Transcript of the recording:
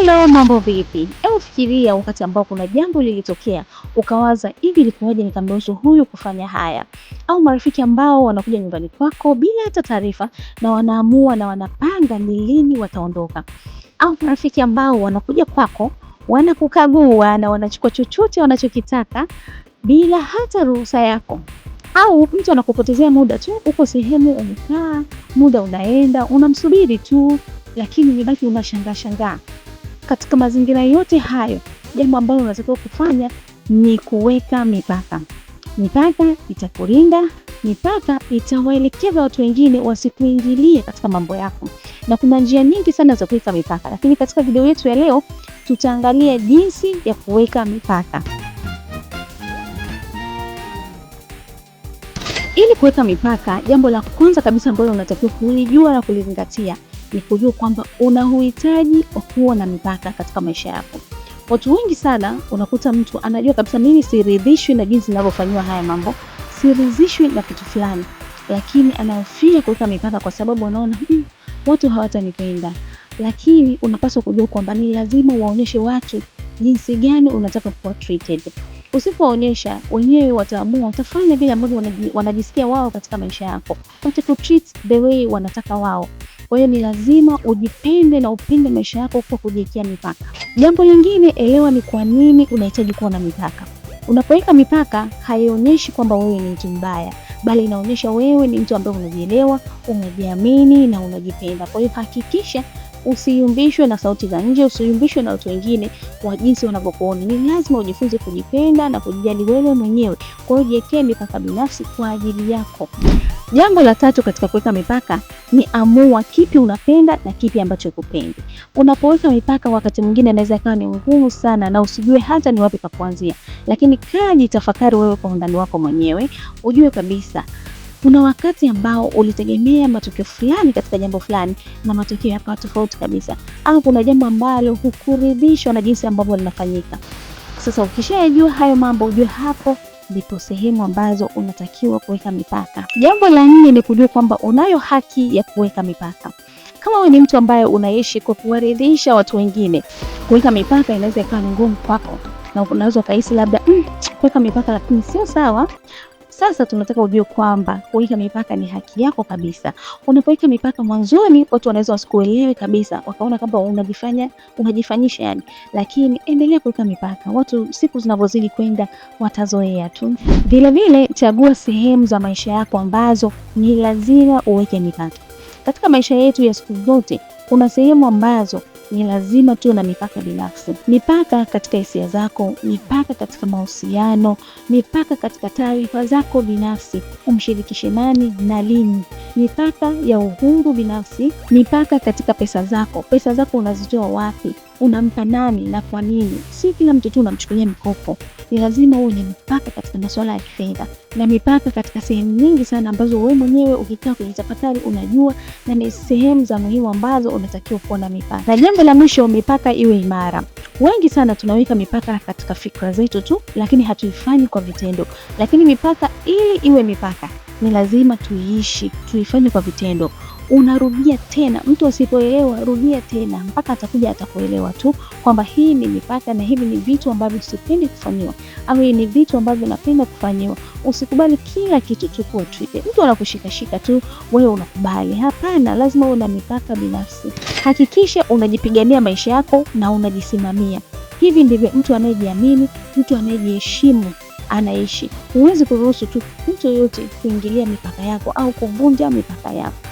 Hello, mambo vipi? Hebu fikiria wakati ambao kuna jambo lilitokea, ukawaza hivi, ilikuwaje nikamruhusu huyu kufanya haya? Au marafiki ambao wanakuja nyumbani kwako bila hata taarifa, na wanaamua na wanapanga ni lini wataondoka, au marafiki ambao wanakuja kwako, wanakukagua na wanachukua chochote wanachokitaka bila hata ruhusa yako au mtu anakupotezea muda tu, uko sehemu umekaa, muda unaenda, unamsubiri tu, lakini umebaki unashangaa shangaa. shanga. Katika mazingira yote hayo, jambo ambalo unatakiwa kufanya ni kuweka mipaka. Mipaka itakulinda, mipaka itawaelekeza watu wengine wasikuingilie katika mambo yako, na kuna njia nyingi sana za kuweka mipaka, lakini katika video yetu ya leo tutaangalia jinsi ya kuweka mipaka. Ili kuweka mipaka, jambo la kwanza kabisa ambalo unatakiwa kulijua na kulizingatia ni kujua kwamba una uhitaji wa kuwa na mipaka katika maisha yako. Watu wengi sana unakuta mtu anajua kabisa, mimi siridhishwi na jinsi ninavyofanyiwa haya mambo, siridhishwi na kitu fulani, lakini anahofia kuweka mipaka kwa sababu anaona mm, watu hawatanipenda. Lakini unapaswa kujua kwamba ni lazima waonyeshe watu jinsi gani unataka kuwa treated. Usipoonyesha wenyewe wataamua, watafanya vile ambavyo wanajisikia wao katika maisha yako, watakutreat the way wanataka wao. Kwa hiyo ni lazima ujipende na upende maisha yako kwa kujiwekea mipaka. Jambo lingine, elewa ni kwa nini unahitaji kuwa na mipaka. Unapoweka mipaka, haionyeshi kwamba wewe ni mtu mbaya, bali inaonyesha wewe ni mtu ambaye unajielewa, unajiamini na unajipenda. Kwa hiyo hakikisha Usiyumbishwe na sauti za nje, usiyumbishwe na watu wengine wa jinsi wanavyokuona. Ni lazima ujifunze kujipenda na kujijali wewe mwenyewe. Kwa hiyo jiwekee mipaka binafsi kwa ajili yako. Jambo la tatu katika kuweka mipaka ni amua kipi unapenda na kipi ambacho hukupendi. Unapoweka mipaka, wakati mwingine inaweza ikawa ni ngumu sana na usijue hata ni wapi pa kuanzia, lakini kaa jitafakari wewe kwa undani wako mwenyewe, ujue kabisa kuna wakati ambao ulitegemea matokeo fulani katika jambo fulani na matokeo yakawa tofauti kabisa, au kuna jambo ambalo hukuridhishwa na jinsi ambavyo linafanyika. Sasa ukishajua hayo mambo, ujue hapo ndipo sehemu ambazo unatakiwa kuweka mipaka. Jambo la nne ni kujua kwamba unayo haki ya kuweka mipaka. Kama wewe ni mtu ambaye unaishi kwa kuwaridhisha watu wengine, kuweka mipaka inaweza ikawa ni ngumu kwako, na unaweza ukahisi labda mm, kuweka mipaka lakini sio sawa. Sasa tunataka ujue kwamba kuweka mipaka ni haki yako kabisa. Unapoweka mipaka mwanzoni, watu wanaweza wasikuelewe kabisa, wakaona kwamba unajifanya unajifanyisha yani, lakini endelea kuweka mipaka. Watu siku zinavyozidi kwenda watazoea tu. Vilevile chagua sehemu za maisha yako ambazo ni lazima uweke mipaka. Katika maisha yetu ya siku zote kuna sehemu ambazo ni lazima tuwe na mipaka binafsi, mipaka katika hisia zako, mipaka katika mahusiano, mipaka katika taarifa zako binafsi, umshirikishe nani na lini, mipaka ya uhuru binafsi, mipaka katika pesa zako. Pesa zako unazitoa wapi? unampa nani na kwa nini. Si kila mtu tu unamchukulia mkopo, ni lazima uwe na mipaka katika masuala ya kifedha na mipaka katika sehemu nyingi sana ambazo wewe mwenyewe ukikaa kwenye tafakari unajua, na ni sehemu za muhimu ambazo unatakiwa kuwa na mipaka. Na jambo la mwisho, mipaka iwe imara. Wengi sana tunaweka mipaka katika fikra zetu tu, lakini hatuifanyi kwa vitendo. Lakini mipaka, ili iwe mipaka, ni lazima tuiishi, tuifanye kwa vitendo unarudia tena. Mtu asipoelewa, rudia tena mpaka atakuja atakuelewa tu kwamba hii ni mipaka na hivi ni vitu ambavyo sipendi kufanyiwa, au hii ni vitu ambavyo napenda kufanyiwa. Usikubali kila kitu chukua tu kuwa treated. Mtu anakushikashika tu wewe unakubali. Hapana, lazima uwe na mipaka binafsi. Hakikisha unajipigania maisha yako na unajisimamia. Hivi ndivyo mtu anayejiamini, mtu anayejiheshimu anaishi. Huwezi kuruhusu tu mtu yoyote kuingilia mipaka yako au kuvunja mipaka yako.